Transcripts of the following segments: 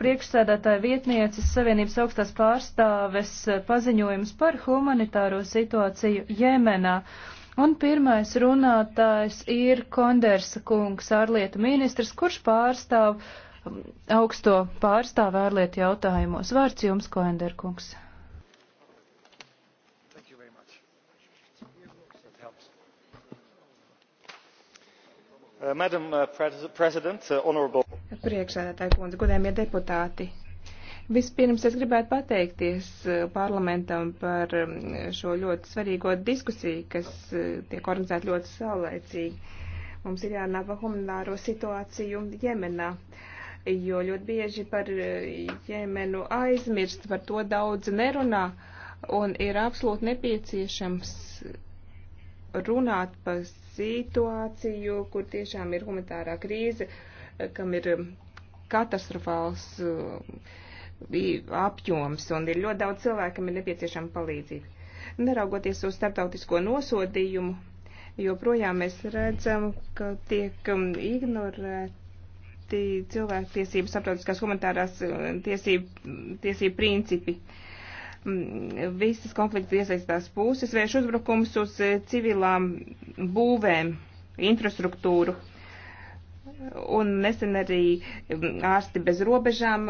priekšsēdētāja vietnieces Savienības augstās pārstāves paziņojums par humanitāro situāciju Jemenā. Un pirmais runātājs ir Kondersa kungs, ārlietu ministrs, kurš pārstāv um, augsto pārstāvu ārlietu jautājumos. Vārds jums, Konderkungs. kungs. Uh, Madam uh, President, uh, honorable. Priekšsēdētāji kundze, godējumie deputāti. Vispirms es gribētu pateikties parlamentam par um, šo ļoti svarīgo diskusiju, kas tiek organizēta ļoti saulēcīgi. Mums ir jārunā par humanitāro situāciju Jemenā jo ļoti bieži par Jemenu aizmirst, par to daudz nerunā, un ir absolūti nepieciešams runāt par situāciju, kur tiešām ir humanitārā krīze, kam ir um, katastrofāls um, apjoms un ir ļoti daudz cilvēku, kam ir nepieciešama palīdzība. Neraugoties uz starptautisko nosodījumu, joprojām mēs redzam, ka tiek um, ignorēta cilvēktiesības, starptautiskās humanitārās uh, tiesību, tiesību principi. Mm, visas konflikta iesaistās puses vērš uzbrukums uz uh, civilām būvēm, infrastruktūru. Un nesen arī mm, ārsti bez robežām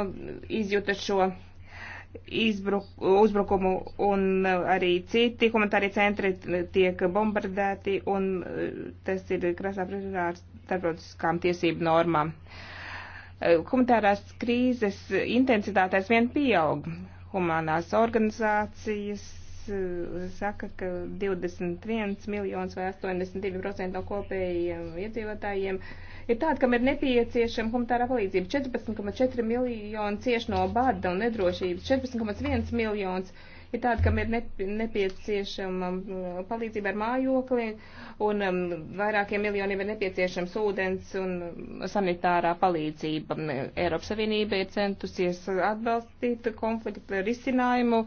izjuta šo izbruk, uzbrukumu un eh, arī citi humanitārie centri tiek bombardēti un eh, tas ir krasā pretrunā ar starptautiskām tiesību normām. Humanitārās eh, krīzes intensitāte aizvien pieaug. Humanās organizācijas saka, ka 21 miljonus vai 82% no kopējiem iedzīvotājiem ir tādi, kam ir nepieciešama humanitārā palīdzība. 14,4 miljoni cieši no bada un nedrošības, 14,1 miljonus ir tādi, kam ir nepieciešama mm, palīdzība ar mājokli, un mm, vairākiem miljoniem ir nepieciešams ūdens un sanitārā palīdzība. Mm, Eiropas Savienība ir centusies atbalstīt konfliktu risinājumu,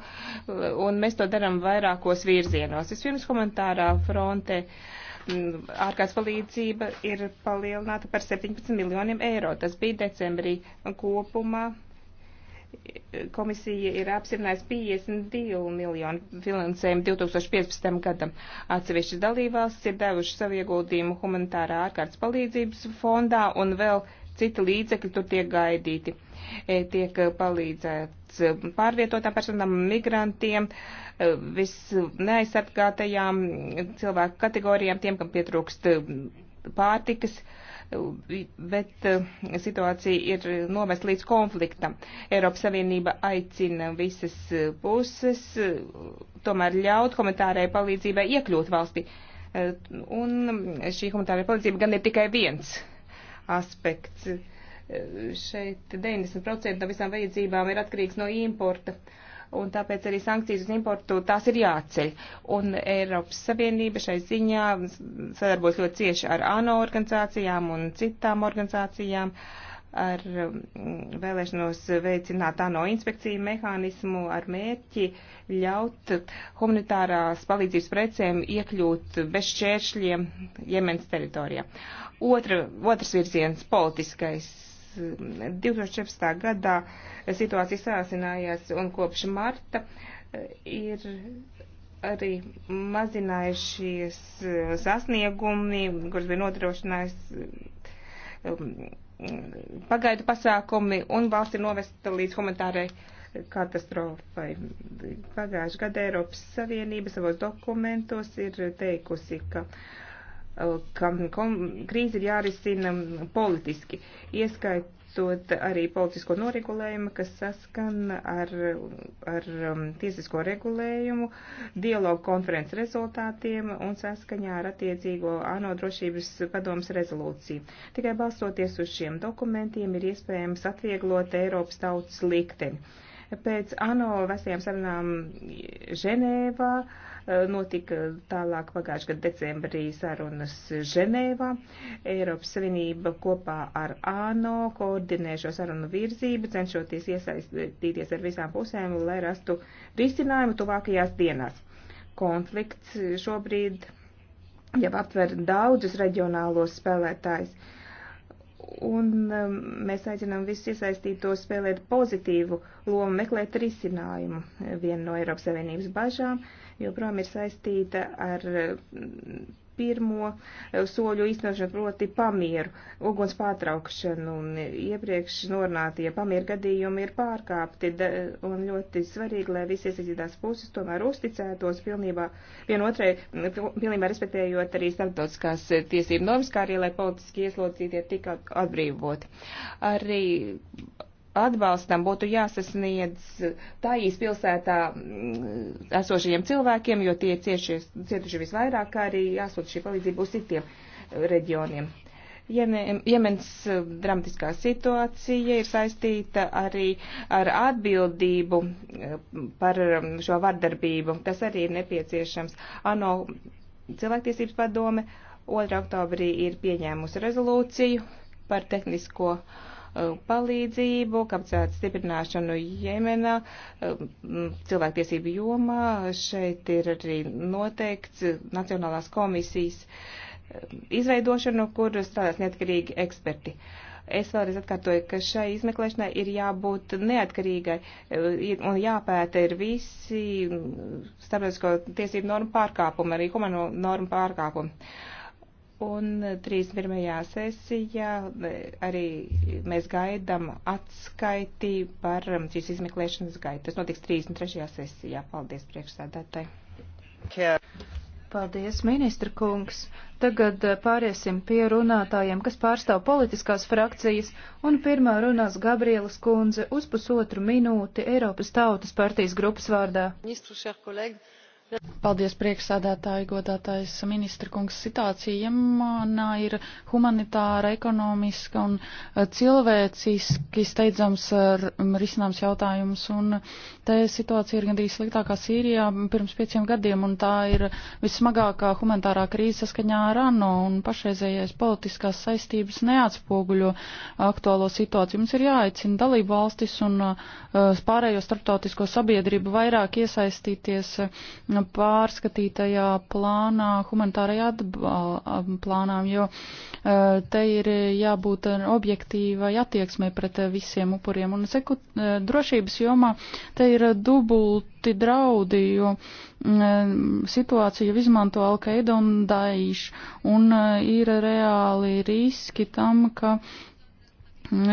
un mēs to darām vairākos virzienos. Vispirms komentārā fronte ārkārtas palīdzība ir palielināta par 17 miljoniem eiro. Tas bija decembrī kopumā komisija ir apsirinājusi 52 miljonu finansējumu 2015. gadam. Atsevišķi dalībvalsts ir devuši savu ieguldījumu humanitārā ārkārtas palīdzības fondā un vēl citi līdzekļi tur tiek gaidīti. E, tiek palīdzēts e, pārvietotām personām, migrantiem, e, visneaizsargātajām cilvēku kategorijām, tiem, kam pietrūkst pārtikas. Uh, bet eh, situācija ir novest līdz konfliktam. Eiropas Savienība aicina visas eh, puses eh, tomēr ļaut komentārai palīdzībai iekļūt valstī. Un šī komentāra palīdzība gan ir tikai viens aspekts. Šeit 90% no visām vajadzībām ir atkarīgs no importa un tāpēc arī sankcijas uz importu tās ir jāceļ. Un Eiropas Savienība šai ziņā sadarbojas ļoti cieši ar ANO organizācijām un citām organizācijām ar mm, vēlēšanos veicināt ANO inspekciju mehānismu ar mērķi ļaut humanitārās palīdzības precēm iekļūt bez šķēršļiem Jemens teritorijā. Otra, otrs virziens - politiskais 2014. gadā situācija sāsinājās un kopš marta e, ir arī mazinājušies e, sasniegumi, kurus bija nodrošinājis e, pagaidu pasākumi un valsts ir novesta līdz humanitārai katastrofai. Pagājušajā gadā Eiropas Savienība savos dokumentos ir teikusi, ka uh, Eh, ka krīze ir jārisina politiski, ieskaitot arī politisko noregulējumu, kas saskan ar, ar um, tiesisko regulējumu, dialogu konferences rezultātiem un saskaņā ar attiecīgo ANO drošības padomas rezolūciju. Tikai balstoties uz šiem dokumentiem ir iespējams atvieglot Eiropas tautas likteni. Pēc ANO vesajām sarunām Ženēvā uh, Eh, notika tālāk pagājušajā gada decembrī sarunas Ženēvā. Eiropas Savienība kopā ar ANO koordinē šo sarunu virzību, cenšoties iesaistīties ar visām pusēm, lai rastu risinājumu tuvākajās dienās. Konflikts šobrīd jau aptver daudzus reģionālos spēlētājus un um, mēs aicinām visus iesaistītos spēlēt pozitīvu lomu, meklēt risinājumu. Viena no Eiropas Savienības bažām joprojām ir saistīta ar mm, pirmo eh, soļu īstenošanu, proti pamieru, uguns pārtraukšanu. Un iepriekš norunātie pamieru gadījumi ir pārkāpti un ļoti svarīgi, lai visi iesaistītās puses tomēr uzticētos pilnībā vienotrai, mm, pilnībā respektējot arī starptautiskās eh, tiesību normas, kā arī, lai politiski ieslodzītie tika atbrīvoti. Arī atbalstam būtu jāsasniedz Tāijas pilsētā mm, esošajiem cilvēkiem, jo tie ciešies, cietuši visvairāk, kā arī jāsūt šī palīdzība uz citiem eh, reģioniem. Jemens eh, dramatiskā situācija ir saistīta arī ar atbildību eh, par mm, šo vardarbību. Tas arī ir nepieciešams. ANO cilvēktiesības padome 2. oktobrī ir pieņēmusi rezolūciju par tehnisko uh, Uh, palīdzību, kapacitātes stiprināšanu Jemenā, uh, cilvēktiesību jomā. Šeit ir arī noteikts Nacionālās komisijas uh, izveidošanu, kur strādās neatkarīgi eksperti. Es vēlreiz atkārtoju, ka šai izmeklēšanai ir jābūt neatkarīgai un jāpēta ir visi starptautisko tiesību normu pārkāpumi, arī humano normu pārkāpumi. Uh, Un 31. sesijā e, arī mēs gaidām atskaiti par um, šīs izmeklēšanas gaitu. Tas notiks 33. sesijā. Paldies priekšsādātāji. Paldies, ministra kungs. Tagad e, pāriesim pie runātājiem, kas pārstāv politiskās frakcijas, un pirmā runās Gabrielas kundze uz pusotru minūti Eiropas Tautas partijas grupas vārdā. Ministru, šer, kolēģi, Paldies, priekšsādātāji, godātājs ministra kungs. Situācija Jemenā ir humanitāra, ekonomiska un eh, cilvēciski steidzams eh, risināms jautājums. Un te situācija ir gandrīz sliktākā Sīrijā pirms pieciem gadiem, un tā ir vissmagākā humanitārā krīze saskaņā ar ANO, un pašreizējais politiskās saistības neatspoguļo eh, aktuālo situāciju. Mums ir jāaicina dalību valstis un pārējo starptautisko sabiedrību vairāk iesaistīties pārskatītajā plānā, humanitārajā plānām, jo te ir jābūt objektīvai attieksmei pret visiem upuriem. Un seku, drošības jomā te ir dubulti draudi, jo situāciju jau izmanto Alkaida un Daiša, un ir reāli riski tam, ka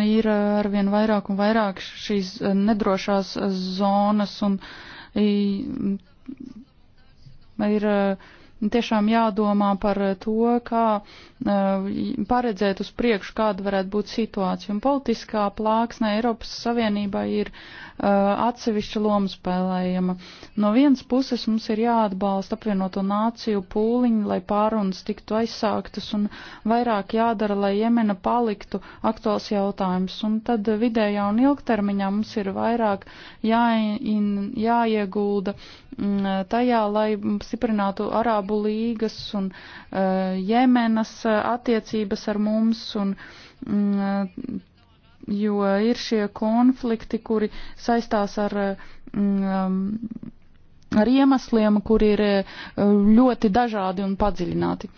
ir arvien vairāk un vairāk šīs nedrošās zonas un ir eh, tiešām jādomā par to, kā eh, paredzēt uz priekšu, kāda varētu būt situācija. Un politiskā plāksne Eiropas Savienībā ir Uh, atsevišķa loma spēlējama. No vienas puses mums ir jāatbalsta apvienoto nāciju pūliņi, lai pārunas tiktu aizsāktas un vairāk jādara, lai Jemena paliktu aktuāls jautājums. Un tad vidējā un ilgtermiņā mums ir vairāk jāin, jāiegulda mm, tajā, lai stiprinātu Arābu līgas un uh, Jemenas attiecības ar mums un mm, jo ir šie konflikti, kuri saistās ar, mm, um, ar iemesliem, kuri ir uh, ļoti dažādi un padziļināti.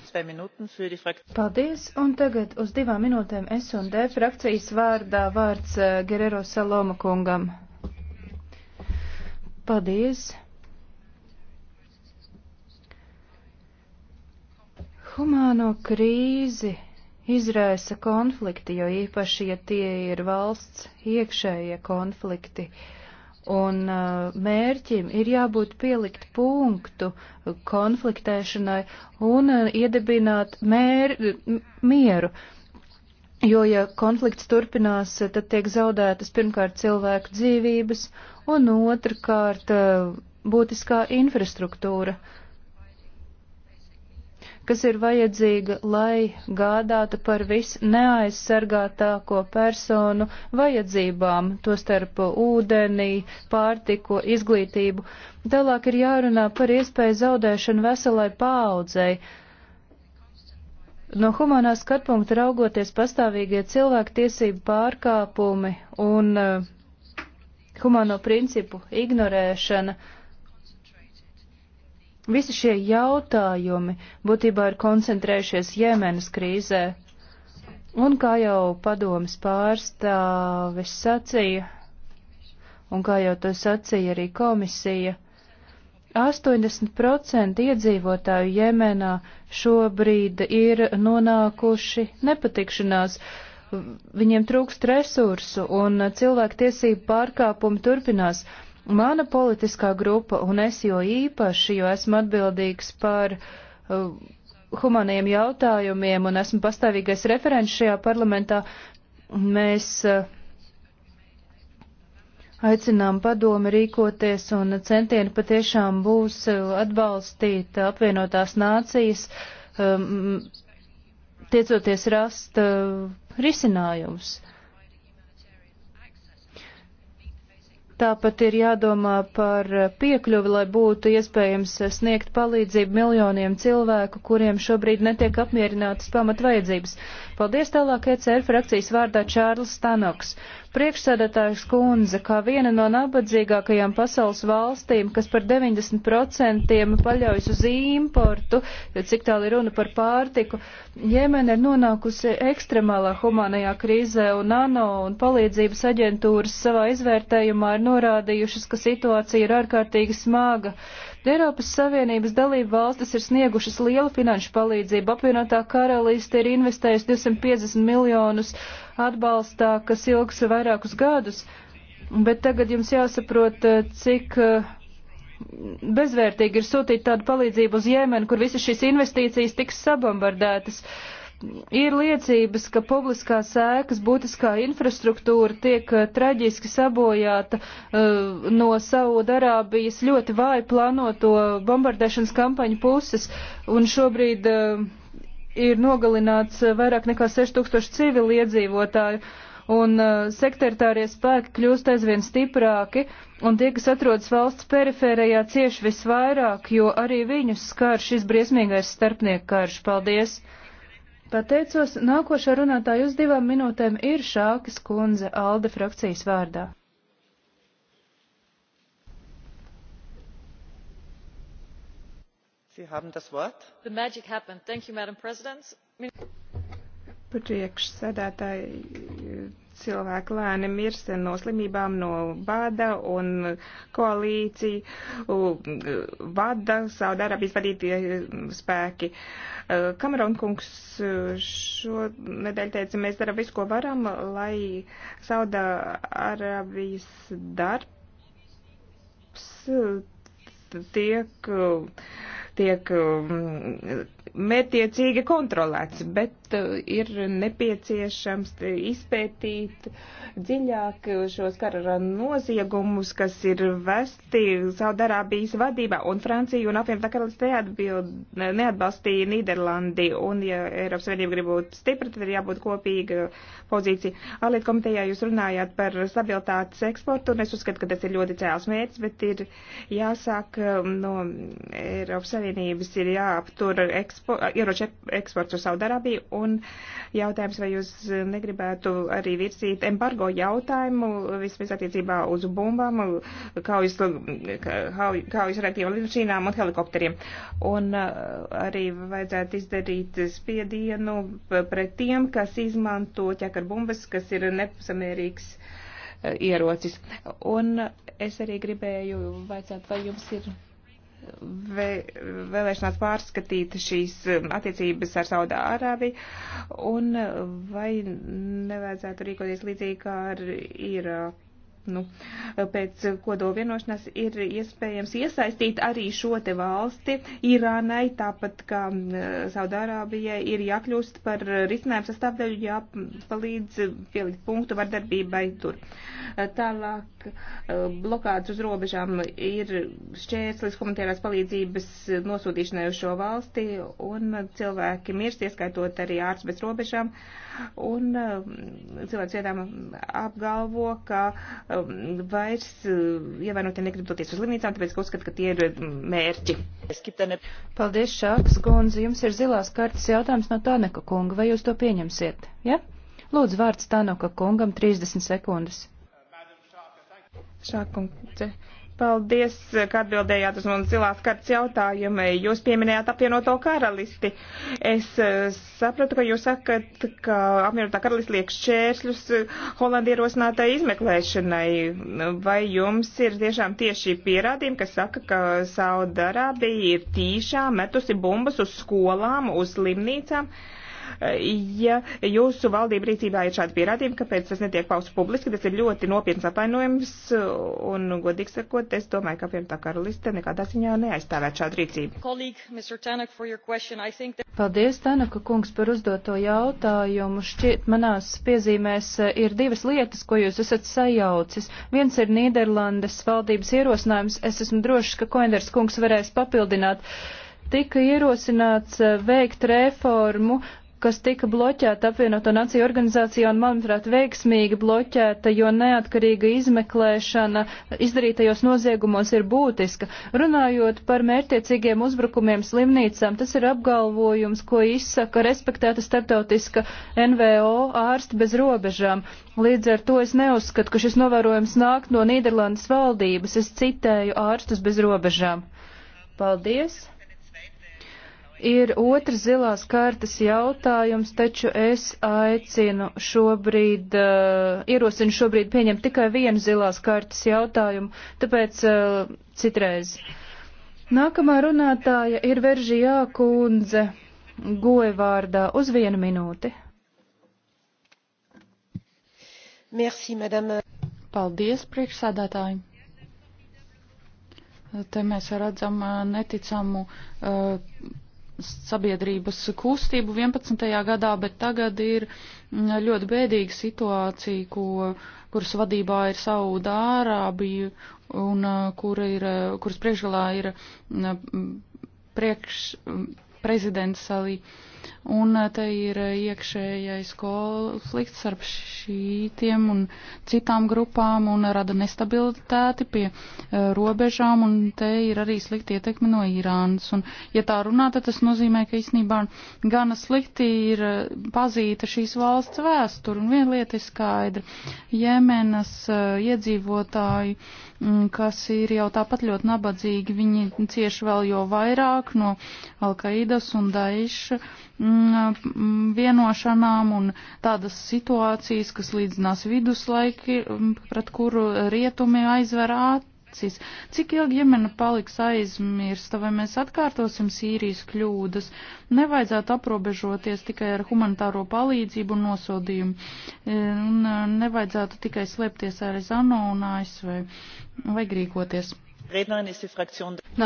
Paldies, un tagad uz divām minūtēm S un D frakcijas vārdā vārds uh, Gerero Saloma kungam. Paldies. Humāno krīzi izraisa konflikti, jo īpaši, ja tie ir valsts iekšējie konflikti. Un uh, mērķim ir jābūt pielikt punktu konfliktēšanai un uh, iedibināt mēr, mieru. Jo, ja konflikts turpinās, uh, tad tiek zaudētas pirmkārt cilvēku dzīvības un otrkārt būtiskā infrastruktūra. Uh, kas ir vajadzīga, lai gādātu par visneaizsargātāko personu vajadzībām, tostarp ūdenī, pārtiku, izglītību. Tālāk ir jārunā par iespēju zaudēšanu veselai paaudzei. No humanā skatpunkta raugoties pastāvīgie cilvēktiesību pārkāpumi un uh, humano principu ignorēšana Visi šie jautājumi būtībā ir koncentrējušies Jemenas krīzē. Un kā jau padomas pārstāvis sacīja, un kā jau to sacīja arī komisija, 80% iedzīvotāju Jemenā šobrīd ir nonākuši nepatikšanās. Viņiem trūkst resursu un cilvēku tiesību pārkāpumi turpinās. Mana politiskā grupa, un es jo īpaši, jo esmu atbildīgs par uh, humaniem jautājumiem un esmu pastāvīgais referents šajā parlamentā, mēs uh, aicinām padomi rīkoties un centieni patiešām būs uh, atbalstīt apvienotās nācijas, um, tiecoties rast uh, risinājumus. Uh, Tāpat ir jādomā par piekļuvi, lai būtu iespējams sniegt palīdzību miljoniem cilvēku, kuriem šobrīd netiek apmierinātas pamatvajadzības. Paldies tālāk ECR frakcijas vārdā Čārls Stanoks. Priekšsēdētājs kundze, kā viena no nabadzīgākajām pasaules valstīm, kas par 90% paļaujas uz importu, cik tālu ir runa par pārtiku, Jemena ir nonākusi ekstremālā humanajā krīzē, un ANO un palīdzības aģentūras savā izvērtējumā ir norādījušas, ka situācija ir ārkārtīgi smaga. Uh, Eiropas Savienības dalība valstis ir sniegušas lielu finanšu palīdzību. Apvienotā karaliste ir investējusi 250 miljonus atbalstā, kas ilgs vairākus gadus. Bet tagad jums jāsaprot, eh, cik eh, bezvērtīgi ir sūtīt tādu palīdzību uz Jēmenu, kur visas šīs investīcijas tiks sabombardētas. Uh, Ir liecības, ka publiskā sēkas būtiskā infrastruktūra tiek eh, traģiski sabojāta uh, no Saudarābijas ļoti vāji plānoto bombardēšanas kampaņu puses, un šobrīd uh, ir nogalināts vairāk nekā 6000 civiliedzīvotāju un uh, sektoritārie spēki kļūst aizvien stiprāki, un tie, kas atrodas valsts perifērijā, cieši visvairāk, jo arī viņus skar šis briesmīgais starpnieku karš. Paldies! Pateicos, nākošā runātāja uz divām minūtēm ir Šākas kundze Alde frakcijas vārdā. You, priekšsēdētāji cilvēki lēni mirs no slimībām, no bada un koalīcija vada Saudārābijas vadītie spēki. E, Kamerona kungs e, šo nedēļu teica, mēs darām visu, ko varam, lai Saudārābijas darbs e, tiek, tiek mētiecīgi kontrolēts, bet konteksta ir nepieciešams izpētīt dziļāk šos kara noziegumus, kas ir vesti Saudarābijas vadībā, un Francija un apvienotā karalistē neatbalstīja Nīderlandi, un ja Eiropas Savienība grib būt stipra, tad ir jābūt kopīga pozīcija. Ārlietu komitejā jūs runājāt par stabilitātes eksportu, un es uzskatu, ka tas ir ļoti cēls mērķis, bet ir jāsāk um, no Eiropas Savienības ir jāaptur ekspo, ieroču eksports uz Saudarābiju Un jautājums, vai jūs negribētu arī virsīt embargo jautājumu vismaz attiecībā uz bumbām, kaujas, kaujas reaktīvām lidmašīnām un helikopteriem. Un uh, arī vajadzētu izdarīt spiedienu pret tiem, kas izmanto ķekarbumbas, kas ir nepasamērīgs uh, ierocis. Un es arī gribēju vaicāt, vai jums ir vēlēšanās pārskatīt šīs um, attiecības ar Saudārābiju, un uh, vai nevajadzētu rīkoties līdzīgi kā ar Irāku? Nu, pēc kodola vienošanās ir iespējams iesaistīt arī šo te valsti Irānai, tāpat kā um, Saudārābijai ir jākļūst par risinājumu sastāvdaļu, jāpalīdz pielikt punktu vardarbībai tur. Tālāk Eh, blokādes uz robežām ir šķērslis humanitārās palīdzības eh, nosūtīšanai uz šo valsti, un eh, cilvēki mirst, ieskaitot arī ārsts bez robežām, un cilvēks vietām apgalvo, ka vairs ievainotie ja negrib doties uz slimnīcām, tāpēc, ka uzskata, ka tie ir mm, mērķi. Paldies, Šāks Gonzi, jums ir zilās kartas jautājums no Tāneka kunga, vai jūs to pieņemsiet? Ja? Lūdzu, vārds Tānoka kungam 30 sekundes. Šākundze, paldies, ka atbildējāt uz manu zilās kartas jautājumu. Jūs pieminējāt apvienoto karalisti. Es eh, sapratu, ka jūs sakat, ka apvienotā karalisti liek šķēršļus eh, Holandi ierosinātai izmeklēšanai. Vai jums ir tiešām tieši pierādījumi, kas saka, ka Saudarābija ir tīšām metusi bumbas uz skolām, uz slimnīcām? Uh, Ja jūsu valdība rīcībā ir šādi pierādījumi, kāpēc tas netiek pausts publiski, tas ir ļoti nopietns apvainojums, un, godīgi sakot, es domāju, ka apvienotā karaliste nekādā ziņā neaizstāvēt šādu rīcību. Paldies, Tanaka kungs, par uzdoto jautājumu. Šķiet, manās piezīmēs eh, ir divas lietas, ko jūs esat sajaucis. Viens ir Nīderlandes valdības ierosinājums. Es esmu drošs, ka Koenders kungs varēs papildināt. Tika ierosināts eh, veikt reformu kas tika bloķēta apvienoto nāciju organizācijā un, manuprāt, veiksmīgi bloķēta, jo neatkarīga izmeklēšana izdarītajos noziegumos ir būtiska. Runājot par mērtiecīgiem uzbrukumiem slimnīcām, tas ir apgalvojums, ko izsaka respektēta starptautiska NVO ārsti bez robežām. Līdz ar to es neuzskatu, ka šis novērojums nāk no Nīderlandes valdības. Es citēju ārstus bez robežām. Paldies! Ir otrs zilās kārtas jautājums, taču es aicinu šobrīd, uh, ierosinu šobrīd pieņemt tikai vienu zilās kārtas jautājumu, tāpēc uh, citreiz. Nākamā runātāja ir Veržijā kundze, goja vārdā uz vienu minūti. Merci, madame. Paldies, priekšsādātāji. Te mēs redzam eh, neticamu uh, sabiedrības kustību 11. gadā, bet tagad ir ļoti bēdīga situācija, ko, kuras vadībā ir Sauda Ārābija un uh, kura ir, uh, kuras priekšgalā ir uh, priekš um, prezidents Salī. Uh, Un uh, te ir uh, iekšējais konflikts starp šītiem un citām grupām un rada nestabilitāti pie uh, robežām, un te ir arī slikti ietekmi no Irānas. Un, ja tā runā, tad tas nozīmē, ka īstenībā gana slikti ir pazīta šīs valsts vēsture, un viena lieta ir skaidra. Jemenas iedzīvotāji, mm, kas ir jau tāpat ļoti nabadzīgi, viņi cieši vēl jo vairāk no Alkaidas un Daiša Mm, vienošanām un tādas situācijas, kas līdzinās viduslaiki, mm, pret kuru rietumi aizver acis. Cik ilgi Jemena paliks aizmirsta, vai mēs atkārtosim Sīrijas kļūdas? Nevajadzētu aprobežoties tikai ar humanitāro palīdzību un nosodījumu, e, un e, nevajadzētu tikai slēpties ar ANO un ASV. Vajag rīkoties.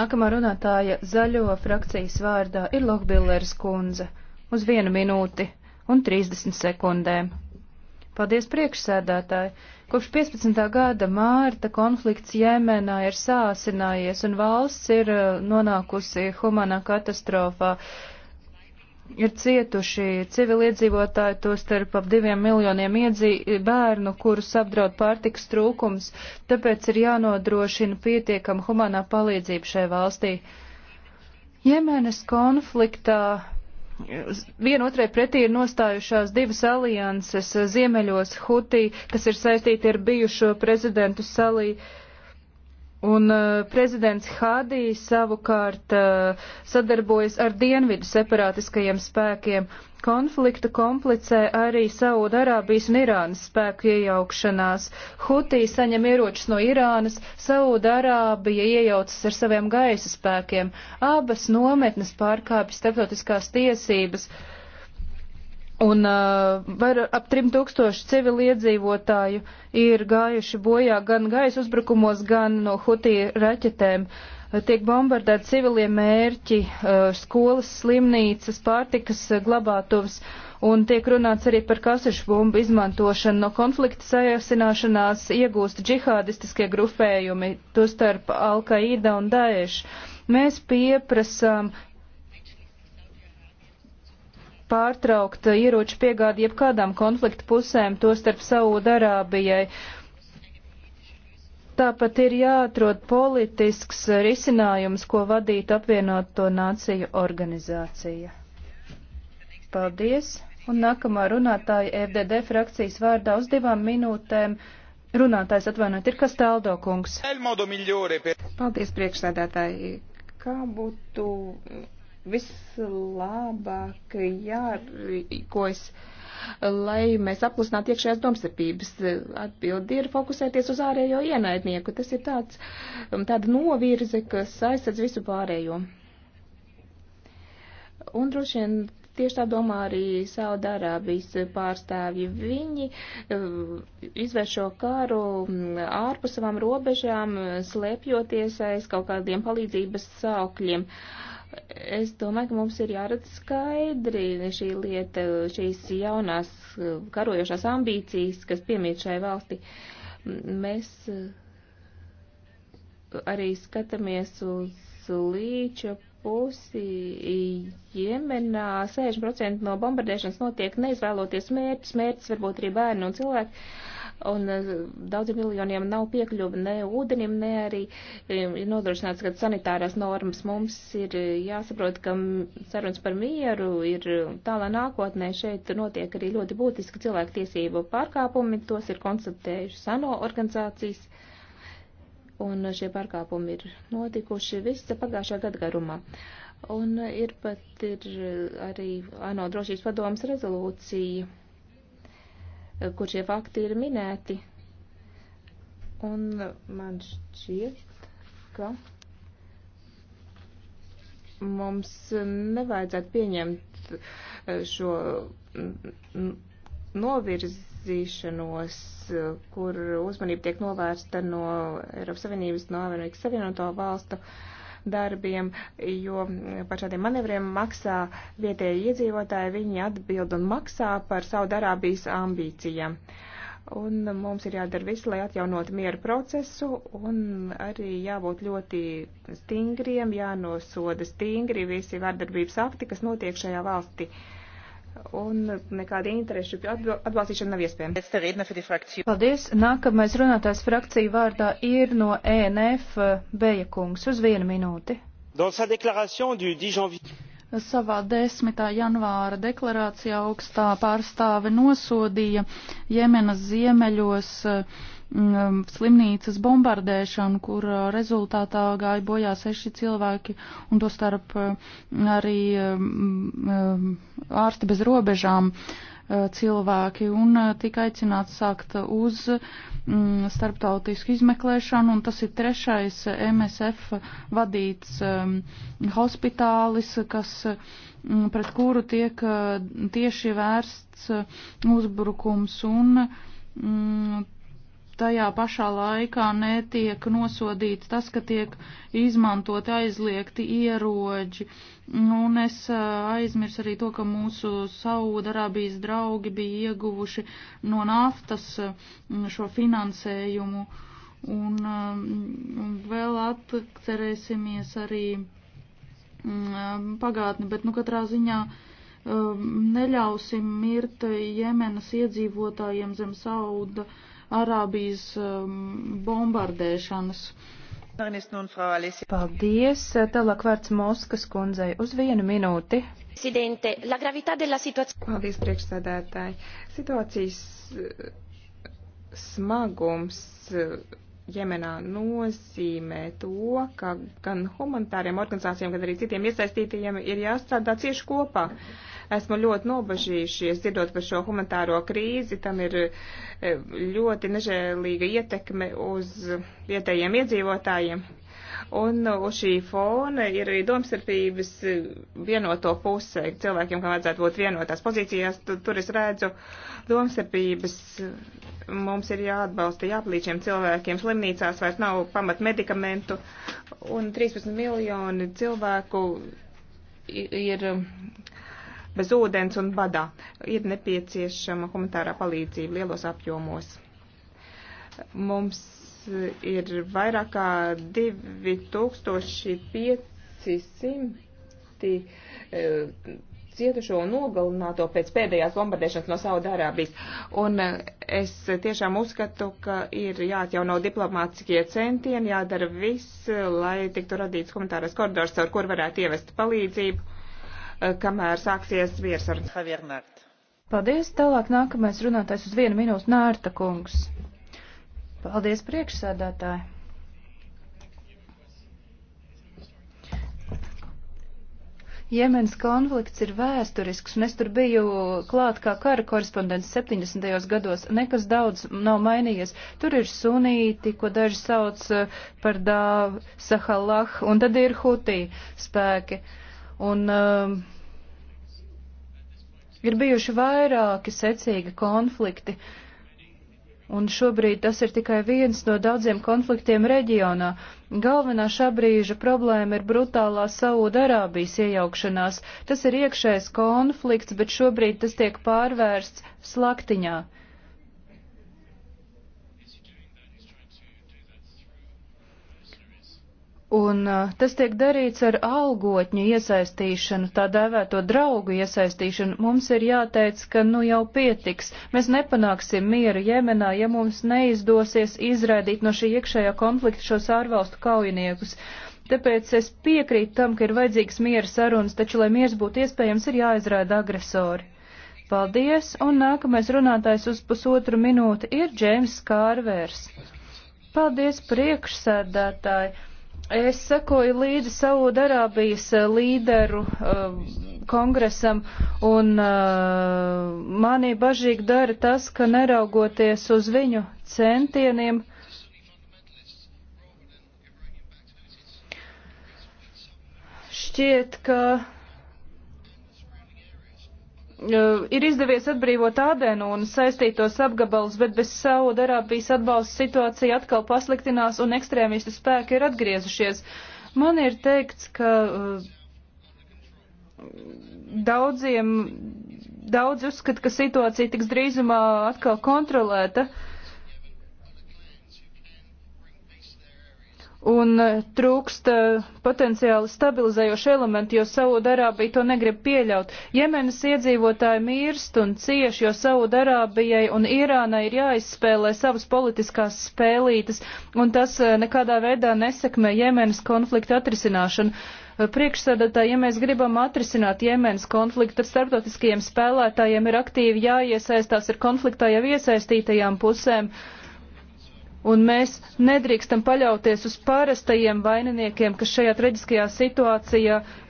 Nākamā runātāja zaļo frakcijas vārdā ir Lohbilleres kundze uz vienu minūti un 30 sekundēm. Paldies priekšsēdētāji! Kopš 15. gada mārta konflikts Jemenā ir sāsinājies un valsts ir uh, nonākusi humanā katastrofā. Ir cietuši civiliedzīvotāji, to starp ap diviem miljoniem iedzī, bērnu, kurus apdraud pārtiks trūkums, tāpēc ir jānodrošina pietiekama humanā palīdzība šai valstī. Jemenas konfliktā vienotrai pretī ir nostājušās divas alianses ziemeļos Hutī, kas ir saistīti ar bijušo prezidentu Salī. Uh, Un uh, prezidents Hādī savukārt uh, sadarbojas ar dienvidu separātiskajiem spēkiem. Konfliktu komplicē arī Saudarābijas un Irānas spēku iejaukšanās. Hutī saņem ieročus no Irānas, Saudarābija iejaucas ar saviem gaisa spēkiem. Abas nometnes pārkāpj starptautiskās tiesības. Uh, Un uh, var ap 3000 civiliedzīvotāju ir gājuši bojā gan gaisa uzbrukumos, gan no hutī raķetēm. Tiek bombardēti civilie mērķi, uh, skolas, slimnīcas, pārtikas uh, glabātuvs, un tiek runāts arī par kasešu bumbu izmantošanu no konflikta sajasināšanās iegūst džihādistiskie grupējumi, tostarp Al-Qaida un Daesh. Mēs pieprasām pārtraukt ieroču piegādi jebkādām konflikta pusēm, to starp Saudarābijai. Tāpat ir jāatrod politisks risinājums, ko vadītu apvienoto nāciju organizācija. Paldies! Un nākamā runātāja FDD frakcijas vārdā uz divām minūtēm. Runātājs atvainojiet, ir Kastaldo kungs. Paldies priekšsēdētāji. Kā būtu vislabāk jārīkojas, lai mēs aplusinātu iekšējās domstarpības. Atbildi ir fokusēties uz ārējo ienaidnieku. Tas ir tāds, tāda novirze, kas aizsadz visu pārējo. Un droši vien tieši tā domā arī Saudārābijas pārstāvji. Viņi eh, izvērš šo karu mm, ārpus savām robežām, slēpjoties aiz kaut kādiem palīdzības saukļiem. Uh, Es domāju, ka mums ir jārada skaidri šī lieta, šīs jaunās karojošās ambīcijas, kas piemīt šai valsti. Mēs eh, arī skatāmies uz līča pusi. Jemenā 60% no bombardēšanas notiek neizvēloties mērķus, mērķis varbūt arī bērni un cilvēki un eh, daudziem miljoniem nav piekļuva ne ūdenim, ne arī eh, ir nodrošināts, ka sanitārās normas mums ir eh, jāsaprot, ka sarunas par mieru ir tālā nākotnē. Šeit notiek arī ļoti būtiski cilvēku tiesību pārkāpumi, tos ir konstatējuši ANO organizācijas. Un šie pārkāpumi ir notikuši visa pagājušā gada garumā. Un ir pat ir arī ANO drošības padomas rezolūcija kur šie fakti ir minēti. Un man šķiet, ka mums nevajadzētu pieņemt eh, šo novirzīšanos, kur uzmanība tiek novērsta no Eiropas Savienības, no Amerikas Savienoto valstu. Uh, darbiem, jo par šādiem manevriem maksā vietējie iedzīvotāji, viņi atbild un maksā par Saudarābijas ambīcijām. Un mums ir jādara viss, lai atjaunotu mieru procesu, un arī jābūt ļoti stingriem, jānosoda stingri visi vardarbības akti, kas notiek šajā valstī. Uh, un nekāda interešu atbalstīšana nav iespējama. Paldies. Nākamais runātājs frakcija vārdā ir no ENF eh, Beja kungs uz vienu minūti. Savā 10. janvāra deklarācijā augstā pārstāve nosodīja Jemenas ziemeļos uh, Mm, slimnīcas bombardēšanu, kur uh, rezultātā gāja bojā seši cilvēki, un to starp uh, arī um, um, ārsti bez robežām uh, cilvēki, un tika aicināts sākt uz mm, starptautisku izmeklēšanu, un tas ir trešais MSF vadīts um, hospitālis, kas, mm, pret kuru tiek tieši vērsts uzbrukums, un tajā pašā laikā netiek nosodīts tas, ka tiek izmantot aizliegti ieroģi. Nu, un es aizmirsu arī to, ka mūsu Saudarābijas draugi bija ieguvuši no naftas šo finansējumu. Un, un vēl atcerēsimies arī pagātni, bet nu katrā ziņā neļausim mirt Jemenas iedzīvotājiem zem Sauda Arābijas um, bombardēšanas. Paldies. Tālāk vārds Moskas kundzei uz vienu minūti. Paldies, priekšsēdētāji. Situācijas eh, smagums eh, Jemenā nozīmē to, ka gan humanitāriem organizācijām, gan arī citiem iesaistītajiem ir jāstrādā cieši kopā. Uh, Esmu ļoti nobažījušies, dzirdot par šo humanitāro krīzi, tam ir e, ļoti nežēlīga ietekme uz vietējiem iedzīvotājiem. Un uz šī fona ir arī domstarpības vienoto pusē. Cilvēkiem, kam vajadzētu būt vienotās pozīcijās, tu, tur es redzu domstarpības. Mums ir jāatbalsta, jāplīd šiem cilvēkiem slimnīcās, vairs nav pamat medikamentu. Un 13 miljoni cilvēku ir bez ūdens un badā. Ir nepieciešama humanitārā palīdzība lielos apjomos. Mums ir vairāk kā 2500 e, cietušo un nogalināto pēc pēdējās bombardēšanas no Saudārābijas. Un e, es tiešām uzskatu, ka ir jāatjauno diplomātiskie centieni, jādara viss, lai tiktu radīts komentāras koridors, ar kur varētu ievest palīdzību Eh, kamēr sāksies viesaruna. Paldies, tālāk nākamais runātājs uz vienu minūtu Nārta kungs. Paldies, priekšsēdētāji. Jemens konflikts ir vēsturisks, un es tur biju klāt kā kara korespondents 70. gados. Nekas daudz nav mainījies. Tur ir sunīti, ko daži sauc eh, par dāv, sahalah, un tad ir hutī spēki. Uh, Un um, ir bijuši vairāki secīgi konflikti, un šobrīd tas ir tikai viens no daudziem konfliktiem reģionā. Galvenā šā brīža problēma ir brutālā Saudarābijas iejaukšanās. Tas ir iekšējs konflikts, bet šobrīd tas tiek pārvērsts slaktiņā. Un tas tiek darīts ar algotņu iesaistīšanu, tā dēvēto draugu iesaistīšanu. Mums ir jāteic, ka nu jau pietiks. Mēs nepanāksim mieru Jemenā, ja mums neizdosies izraidīt no šī iekšējā konflikta šos ārvalstu kaujiniekus. Tāpēc es piekrītu tam, ka ir vajadzīgs miera sarunas, taču, lai miers būtu iespējams, ir jāizraida agresori. Paldies, un nākamais runātājs uz pusotru minūti ir Džeims Kārvērs. Paldies, priekšsēdētāji! Es sekoju līdzi Saudarābijas eh, līderu uh, kongresam, un uh, eh, manī bažīgi dara tas, ka neraugoties uz viņu centieniem, šķiet, ka Eh, ir izdevies atbrīvot Ādenu un saistītos apgabals, bet bez Saudarābijas atbalsta situācija atkal pasliktinās un ekstrēmistu spēki ir atgriezušies. Man ir teikts, ka eh, daudziem, daudz uzskat, ka situācija tiks drīzumā atkal kontrolēta. Uh, un e, trūkst e, potenciāli stabilizējoši elementi, jo Saudarābija to negrib pieļaut. Jemenas iedzīvotāji mirst un cieš, jo Saudarābijai un Irānai ir jāizspēlē savas politiskās spēlītes, un tas e, nekādā veidā nesekmē Jemenas konflikta atrisināšanu. Priekšsēdētāji, ja mēs gribam atrisināt Jemenas konfliktu, tad starptautiskajiem spēlētājiem ir aktīvi jāiesaistās ar konfliktā jau iesaistītajām pusēm. Uh, un mēs nedrīkstam paļauties uz pārastajiem vaininiekiem, kas šajā traģiskajā situācijā uh,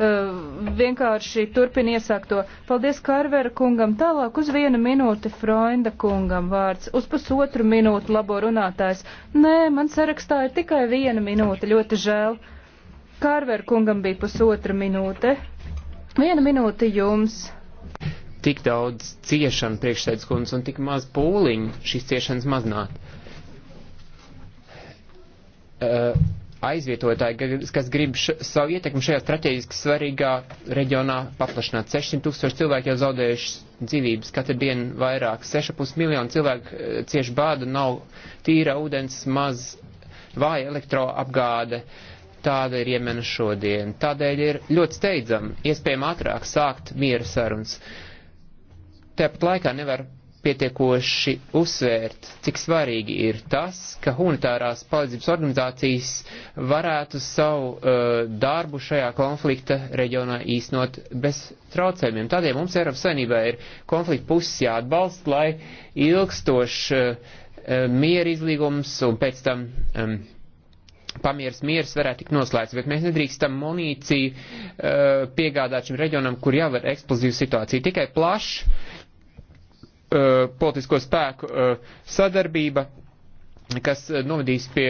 vienkārši turpina iesākto. Paldies Karvera kungam. Tālāk uz vienu minūti Freunda kungam vārds. Uz pusotru minūtu labo runātājs. Nē, man sarakstā ir tikai viena minūte. Ļoti žēl. Karvera kungam bija pusotra minūte. Viena minūte jums tik daudz ciešanu priekšsēdus kundas un tik maz pūliņu šīs ciešanas mazināt. Uh, aizvietotāji, kas grib š, savu ietekmi šajā strateģiski svarīgā reģionā paplašināt. 600 tūkstoši cilvēki jau zaudējuši dzīvības, katru dienu vairāk, 6,5 miljonu cilvēku uh, cieši bādu, nav tīra ūdens, maz vāja elektroapgāde. Tāda ir Jemena šodien. Tādēļ ir ļoti steidzami, iespējami ātrāk sākt miera sarunas. Tāpat laikā nevar pietiekoši uzsvērt, cik svarīgi ir tas, ka humanitārās palīdzības organizācijas varētu savu uh, darbu šajā konflikta reģionā īstenot bez traucējumiem. Tādēļ mums Eiropas Savienībā ir konflikta puses jāatbalsta, lai ilgstošs uh, uh miera izlīgums un pēc tam um, pamieras miers varētu tikt noslēgts, bet mēs nedrīkstam munīciju uh, piegādāt šim reģionam, kur jau ir eksplozīva situācija. Tikai plašs Eh, politisko spēku eh, sadarbība, kas eh, novedīs pie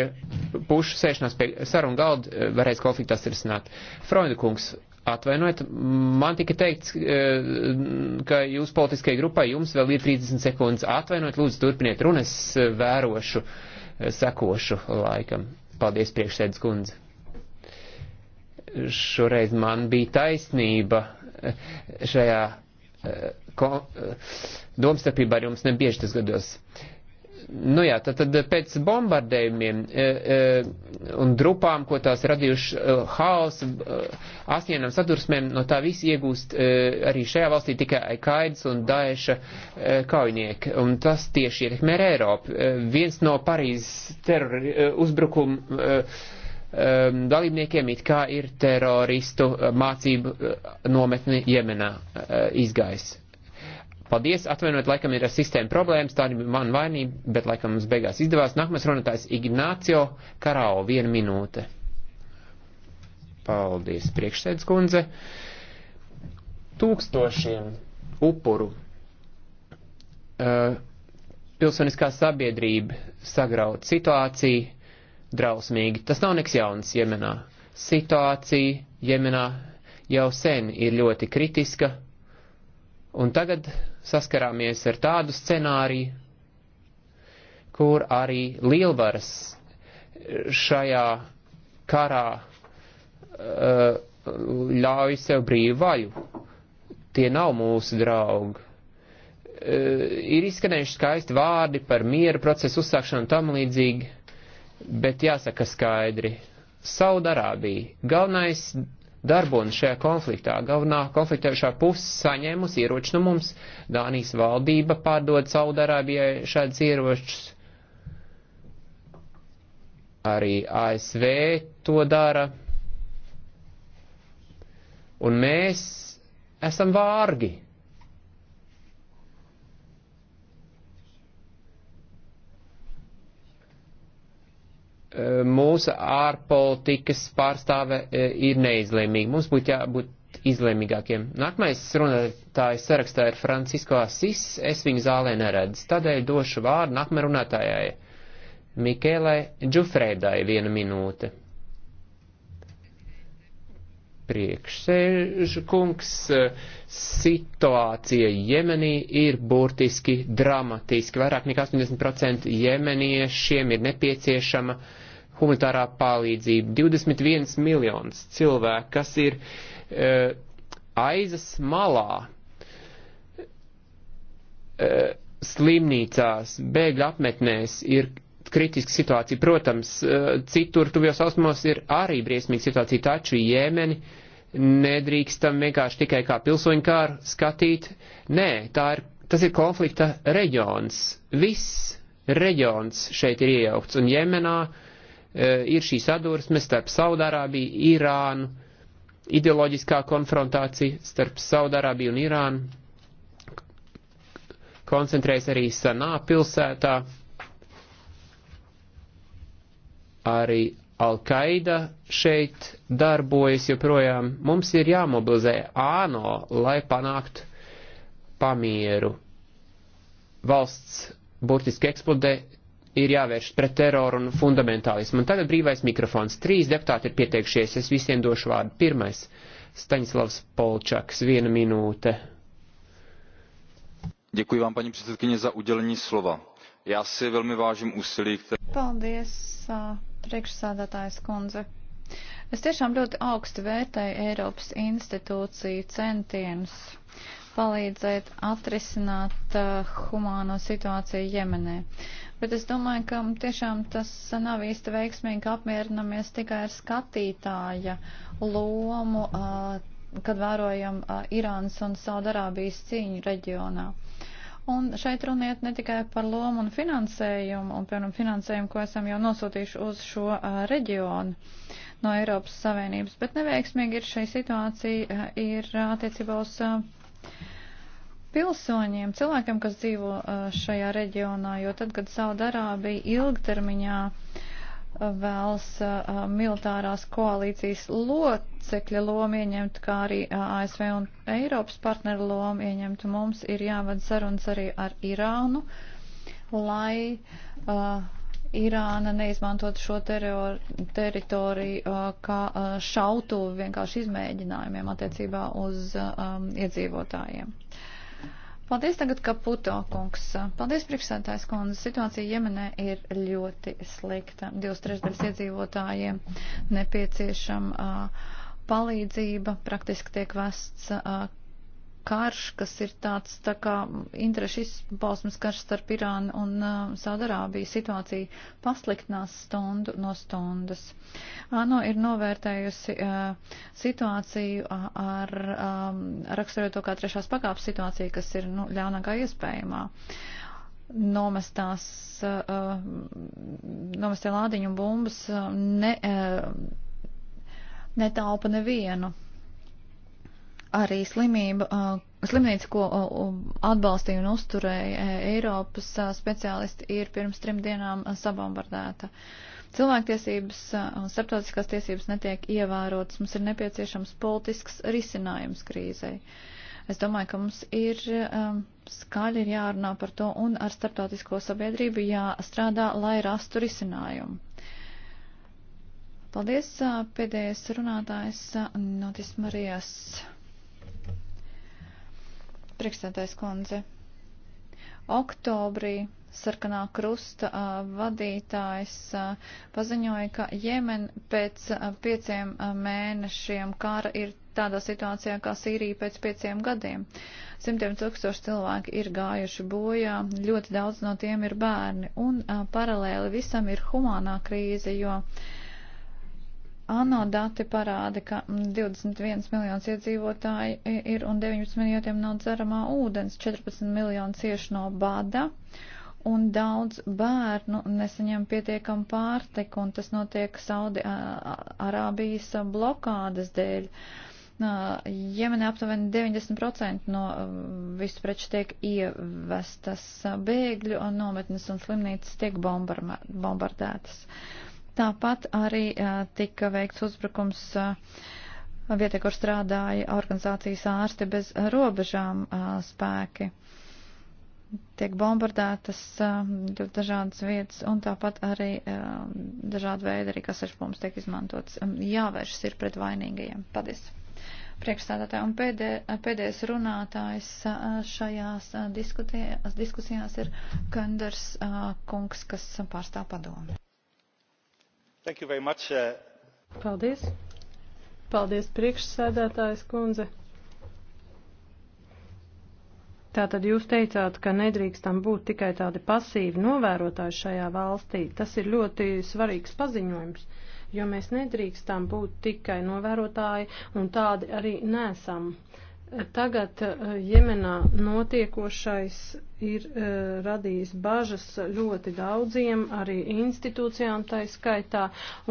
pušu sēšanās pie sarunu galda, varēs konfliktās risināt. Freunde kungs, atvainojiet, man tika teikts, ka jūs politiskajai grupai jums vēl ir 30 sekundes. Atvainojiet, lūdzu, turpiniet runas, vērošu, sekošu laikam. Paldies, priekšsēdus kundze. Šoreiz man bija taisnība šajā ko, domstarpība ar jums nebieži tas gados. Nu jā, tad, tad pēc bombardējumiem e, e, un drupām, ko tās radījuši e, haos, e, asienam sadursmēm, no tā viss iegūst e, arī šajā valstī tikai Aikaids un Daeša e, kaujinieki. Un tas tieši ietekmē Eiropu. E, viens no Parīzes terror e, uzbrukuma. E, um, dalībniekiem it kā ir teroristu uh, mācību uh, nometni Jemenā uh, izgais. Paldies, atvainojiet, laikam ir ar sistēmu problēmas, tā ir man vainība, bet laikam mums beigās izdevās. Nākamais runātājs Ignācio Karao, viena minūte. Paldies, priekšsēdz kundze. Tūkstošiem upuru uh, pilsoniskā sabiedrība sagraut situāciju drausmīgi. Tas nav nekas jauns Jemenā. Situācija Jemenā jau sen ir ļoti kritiska, un tagad saskarāmies ar tādu scenāriju, kur arī lielvaras šajā karā uh, ļauj sev brīvu vaļu. Tie nav mūsu draugi. Uh, ir izskanējuši skaisti vārdi par miera procesu uzsākšanu tam līdzīgi, bet jāsaka skaidri, Saudarābija galvenais darbonis šajā konfliktā, galvenā konfliktējušā puse saņēmus ieroči no mums, Dānijas valdība pārdod Saudarābijai šādas ieročus, arī ASV to dara, un mēs esam vārgi mūsu ārpolitikas pārstāve e, ir neizlēmīga. Mums būtu jābūt izlēmīgākiem. Nākamais runātājs sarakstā ir Francisko Asis, es viņu zālē neredzu. Tādēļ došu vārdu nākamajai runātājai Mikēlai Džufrēdai viena minūte. Priekšsēžu kungs, e, situācija Jemenī ir burtiski dramatiski. Vairāk nekā 80% jemeniešiem ir nepieciešama uh, humanitārā palīdzība. 21 miljonus cilvēku, kas ir uh, aizas malā, uh, slimnīcās, bēgļu apmetnēs ir kritiska situācija. Protams, uh, citur tuvjos ausmos ir arī briesmīga situācija, taču Jēmeni nedrīkstam vienkārši tikai kā pilsoņu kāru skatīt. Nē, tā ir, tas ir konflikta reģions. Viss reģions šeit ir iejaukts, un Jemenā uh, Eh, ir šī sadursme starp Saudārābiju, Irānu, ideoloģiskā konfrontācija starp Saudārābiju un Irānu, koncentrējas arī Sanā pilsētā, arī Al-Qaida šeit darbojas joprojām. Mums ir jāmobilizē āno, lai panāktu pamieru. Valsts burtiski eksplodē, ir jāvērš pret teroru un fundamentālismu. Un tagad brīvais mikrofons. Trīs deputāti ir pieteikšies, es visiem došu vārdu. Pirmais - Staņslavs Polčaks, viena minūte. Děkuji vám, paní předsedkyně, za udělení slova. Já si velmi vážím úsilí, které... Paldies, priekšsādātājs kundze. Es tiešām ļoti augstu vērtēju Eiropas institūciju centienus palīdzēt atrisināt uh, humāno situāciju Jemenē. Uh, Bet es domāju, ka tiešām tas nav īsti veiksmīgi, ka apmierinamies tikai ar skatītāja lomu, kad vērojam Irānas un Saudarābijas cīņu reģionā. Un šeit runiet ne tikai par lomu un finansējumu, un, piemēram, finansējumu, ko esam jau nosūtījuši uz šo uh, reģionu no Eiropas Savienības, bet neveiksmīgi ir šī situācija, uh, ir attiecībā uz uh, pilsoņiem, cilvēkiem, kas dzīvo šajā reģionā, jo tad, kad Saudarābija ilgtermiņā vēlas militārās koalīcijas locekļa lomu ieņemt, kā arī ASV un Eiropas partneru lomu ieņemt, mums ir jāved sarunas arī ar Irānu, lai uh, Irāna neizmantot šo teror, teritoriju kā šautu vienkārši izmēģinājumiem attiecībā uz um, iedzīvotājiem. Uh, Paldies tagad, ka Puto kungs. Paldies, priekšsētājs kundze. Situācija Jemenē ir ļoti slikta. Divas trešdaļas iedzīvotājiem nepieciešama palīdzība, praktiski tiek vests karš, kas ir tāds tā kā interešu izpausmes karš starp Irānu un uh, Saudarābiju, situācija pasliktinās stundu no stundas. ANO ir novērtējusi uh, situāciju uh, ar um, raksturot to kā trešās pakāpes situāciju, kas ir nu, ļaunākā iespējamā. Nomestās, uh, nomestie lādiņu bumbas uh, ne, uh, netaupa nevienu arī slimība, slimnīca, ko atbalstīja un uzturēja Eiropas speciālisti, ir pirms trim dienām sabombardēta. Cilvēktiesības un starptautiskās tiesības netiek ievērotas. Mums ir nepieciešams politisks risinājums krīzei. Es domāju, ka mums ir um, skaļi ir jārunā par to un ar starptautisko sabiedrību jāstrādā, lai rastu risinājumu. Paldies, pēdējais runātājs Notis Marijas. Priekšsēdājs kundze. Oktobrī sarkanā krusta a, vadītājs a, paziņoja, ka Jemen pēc a, pieciem mēnešiem kara ir tādā situācijā kā Sīrija pēc pieciem gadiem. Simtiem tūkstoši cilvēki ir gājuši bojā, ļoti daudz no tiem ir bērni, un paralēli visam ir humānā krīze, jo. Uh, ANO dati parāda, ka 21 mm, miljonus iedzīvotāji ir un 19 miljoniem nav dzeramā ūdens, 14 miljoni cieši no bada un daudz bērnu nesaņem pietiekam pārtiku un tas notiek Saudi Arābijas blokādas dēļ. Jemenē aptuveni 90% no visu preču tiek ievestas bēgļu un nometnes un slimnīcas tiek bombardētas. Uh, Tāpat arī tika veikts uzbrukums vietai, kur strādāja organizācijas ārsti bez robežām spēki. Tiek bombardētas ļoti dažādas vietas, un tāpat arī dažādi veidi, arī kas ar mums tiek izmantots. Jāvēršas ir pret vainīgajiem. Paldies! priekšstādātāji. Un pēdē, pēdējais runātājs šajās diskusijās ir Kanders Kungs, kas pārstāv padomu. Thank you very much. Uh, Paldies. Paldies, priekšsēdētājs kundze. Tātad jūs teicāt, ka nedrīkstam būt tikai tādi pasīvi novērotāji šajā valstī. Tas ir ļoti svarīgs paziņojums, jo mēs nedrīkstam būt tikai novērotāji un tādi arī nesam. Uh, Tagad eh, Jemenā notiekošais ir uh, radījis bažas ļoti daudziem, arī institūcijām tai skaitā,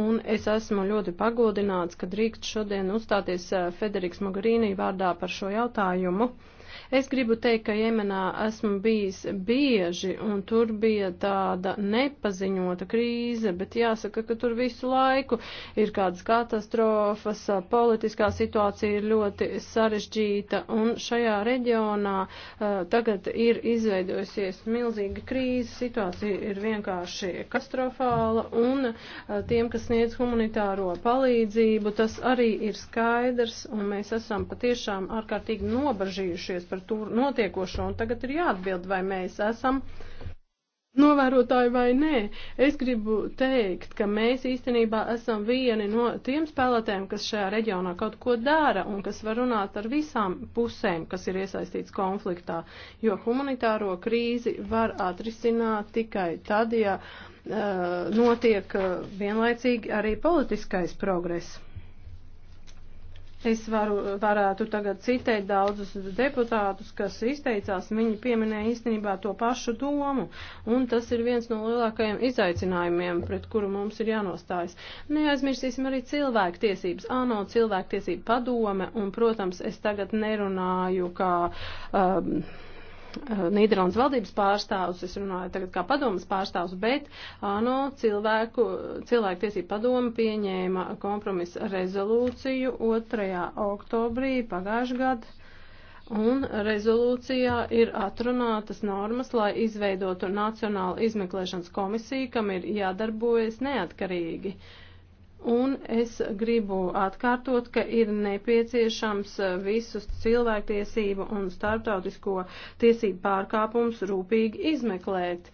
un es esmu ļoti pagodināts, ka drīkst šodien uzstāties eh, Federiks Mogarīnī vārdā par šo jautājumu. Uh, Es gribu teikt, ka Jemenā esmu bijis bieži, un tur bija tāda nepaziņota krīze, bet jāsaka, ka tur visu laiku ir kādas katastrofas, politiskā situācija ir ļoti sarežģīta, un šajā reģionā uh, tagad ir izveidojusies milzīga krīze, situācija ir vienkārši katastrofāla, un uh, tiem, kas sniedz humanitāro palīdzību, tas arī ir skaidrs, un mēs esam patiešām ārkārtīgi nobažījušies nobažījušies par tur notiekošo, un tagad ir jāatbild, vai mēs esam novērotāji vai nē. Es gribu teikt, ka mēs īstenībā esam vieni no tiem spēlētēm, kas šajā reģionā kaut ko dara un kas var runāt ar visām pusēm, kas ir iesaistīts konfliktā, jo humanitāro krīzi var atrisināt tikai tad, ja uh, notiek uh, vienlaicīgi arī politiskais progress. Es varu, varētu tagad citēt daudzus deputātus, kas izteicās, viņi pieminēja īstenībā to pašu domu, un tas ir viens no lielākajiem izaicinājumiem, pret kuru mums ir jānostājas. Neaizmirsīsim arī cilvēktiesības, ANO cilvēktiesība padome, un, protams, es tagad nerunāju kā. Um, Eh, Nīderlandes valdības pārstāvus, es runāju tagad kā padomas pārstāvus, bet ANO cilvēku, cilvēktiesību padoma pieņēma kompromisa rezolūciju 2. oktobrī pagājušajā gadā. Un rezolūcijā ir atrunātas normas, lai izveidotu Nacionālu izmeklēšanas komisiju, kam ir jādarbojas neatkarīgi. Uh, Un es gribu atkārtot, ka ir nepieciešams visus cilvēktiesību un starptautisko tiesību pārkāpums rūpīgi izmeklēt.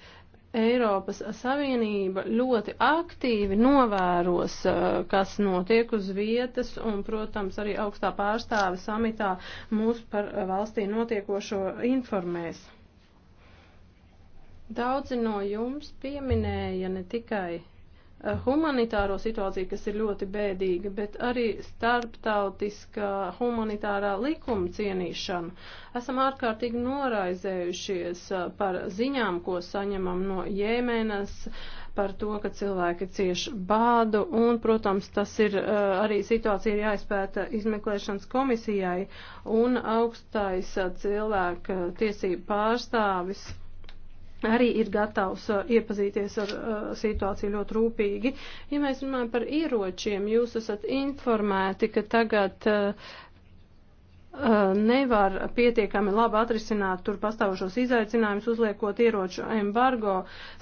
Eiropas Savienība ļoti aktīvi novēros, eh, kas notiek uz vietas, un, protams, arī augstā pārstāve samitā mūs par valstī notiekošo informēs. Daudzi no jums pieminēja ne tikai Eh, humanitāro situāciju, kas ir ļoti bēdīga, bet arī starptautiskā humanitārā likuma cienīšanu. Esam ārkārtīgi noraizējušies eh, par ziņām, ko saņemam no Jēmenes, par to, ka cilvēki cieši bādu, un, protams, tas ir eh, arī situācija ir jāizpēta izmeklēšanas komisijai, un augstais cilvēka tiesība pārstāvis arī ir gatavs uh, iepazīties ar uh, situāciju ļoti rūpīgi. Ja mēs runājam par ieročiem, jūs esat informēti, ka tagad uh, nevar pietiekami labi atrisināt tur pastāvošos izaicinājumus, uzliekot ieroču embargo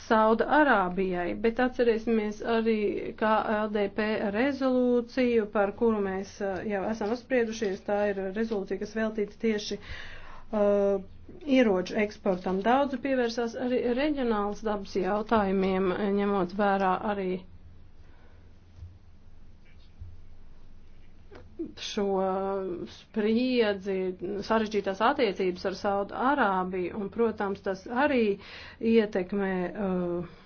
Sauda Arābijai, bet atcerēsimies arī kā LDP rezolūciju, par kuru mēs jau esam apspriedušies, tā ir rezolūcija, kas veltīta tieši uh, ieroču eksportam. Daudzi pievērsās arī reģionālas dabas jautājumiem, ņemot vērā arī šo spriedzi, sarežģītās attiecības ar Saudu Arābiju, un, protams, tas arī ietekmē uh,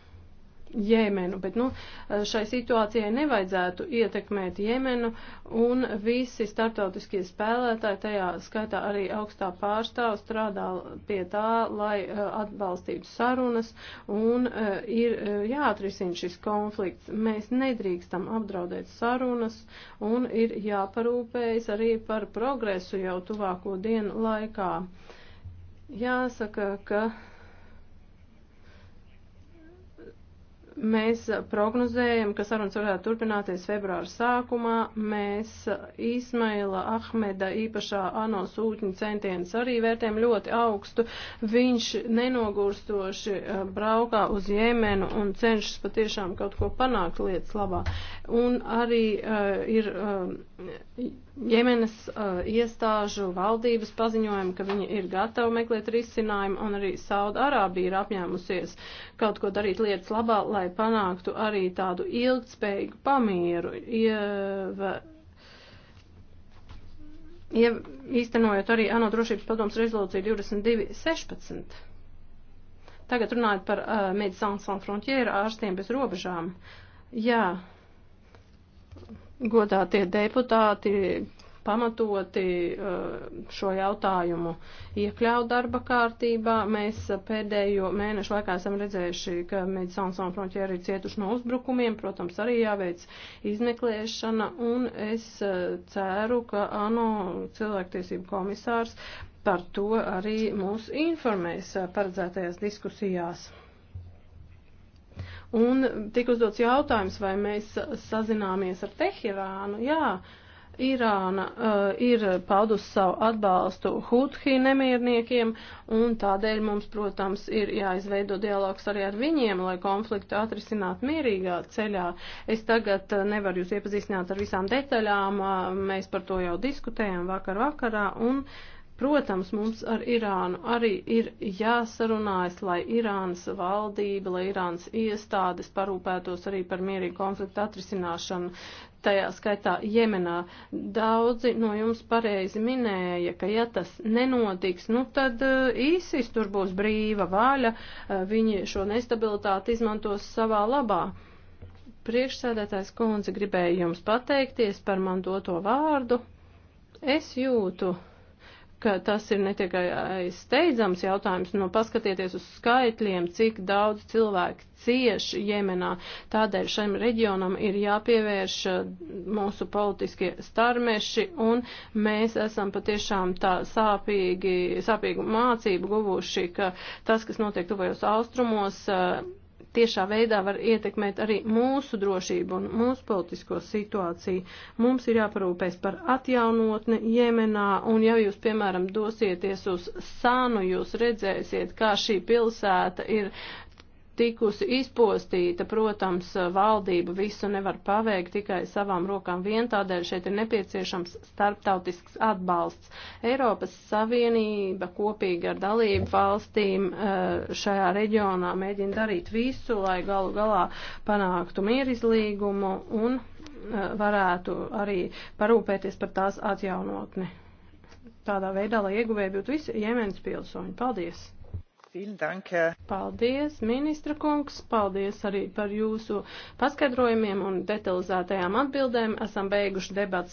Jēmenu, bet nu, šai situācijai nevajadzētu ietekmēt Jēmenu un visi startautiskie spēlētāji, tajā skaitā arī augstā pārstāv strādā pie tā, lai eh, atbalstītu sarunas un eh, ir eh, jāatrisina šis konflikts. Mēs nedrīkstam apdraudēt sarunas un ir jāparūpējas arī par progresu jau tuvāko dienu laikā. Jāsaka, ka Mēs prognozējam, ka sarunas varētu turpināties februāra sākumā. Mēs Ismaila Ahmeda īpašā ANO sūtņa centienus arī vērtējam ļoti augstu. Viņš nenogurstoši eh, braukā uz Jēmenu un cenšas patiešām kaut ko panākt lietas labā un arī uh, ir uh, Jemenas uh, iestāžu valdības paziņojumi, ka viņi ir gatavi meklēt risinājumu, un arī Sauda Arābija ir apņēmusies kaut ko darīt lietas labā, lai panāktu arī tādu ilgtspējīgu pamieru. Ieva, Iev, īstenojot arī ANO drošības padoms rezolūciju 2216. Tagad runājot par uh, Médecins Sans Frontières ārstiem bez robežām. Jā, uh, godātie deputāti pamatoti uh, šo jautājumu iekļaut darba kārtībā. Mēs pēdējo mēnešu laikā esam redzējuši, ka Medicāns un Frontieri ir cietuši no uzbrukumiem, protams, arī jāveic izmeklēšana, un es uh, ceru, ka ANO cilvēktiesību komisārs par to arī mūs informēs uh, paredzētajās diskusijās. Un tika uzdots jautājums, vai mēs sazināmies ar Teherānu. Jā, Irāna uh, ir paudusi savu atbalstu Huthi nemierniekiem, un tādēļ mums, protams, ir jāizveido dialogs arī ar viņiem, lai konfliktu atrisināt mierīgā ceļā. Es tagad uh, nevaru jūs iepazīstināt ar visām detaļām, uh, mēs par to jau diskutējām vakar vakarā, un uh, Protams, mums ar Irānu arī ir jāsarunājas, lai Irānas valdība, lai Irānas iestādes parūpētos arī par mierīgu konfliktu atrisināšanu tajā skaitā Jemenā. Daudzi no jums pareizi minēja, ka ja tas nenotiks, nu tad īsis eh, tur būs brīva vaļa, eh, viņi šo nestabilitāti izmantos savā labā. Priekšsēdētājs kundze gribēja jums pateikties par man doto vārdu. Es jūtu ka tas ir ne tikai steidzams jautājums, no nu, paskatieties uz skaitļiem, cik daudz cilvēku cieši Jemenā. Tādēļ šim reģionam ir jāpievērš uh, mūsu politiskie starmeši, un mēs esam patiešām tā sāpīgi, sāpīgu mācību guvuši, ka tas, kas notiek tuvajos austrumos, uh, tiešā veidā var ietekmēt arī mūsu drošību un mūsu politisko situāciju. Mums ir jāparūpēs par atjaunotni Jemenā, un ja jūs, piemēram, dosieties uz Sānu, jūs redzēsiet, kā šī pilsēta ir tikusi izpostīta, protams, valdība visu nevar paveikt tikai savām rokām vien, tādēļ šeit ir nepieciešams starptautisks atbalsts. Eiropas Savienība kopīgi ar dalību valstīm eh, šajā reģionā mēģina darīt visu, lai galu galā panāktu mierizlīgumu un eh, varētu arī parūpēties par tās atjaunotni. Tādā veidā, lai ieguvēji būtu visi Jemenas pilsoņi. Paldies! Paldies, ministra kungs, paldies arī par jūsu paskaidrojumiem un detalizētajām atbildēm. Esam beiguši debats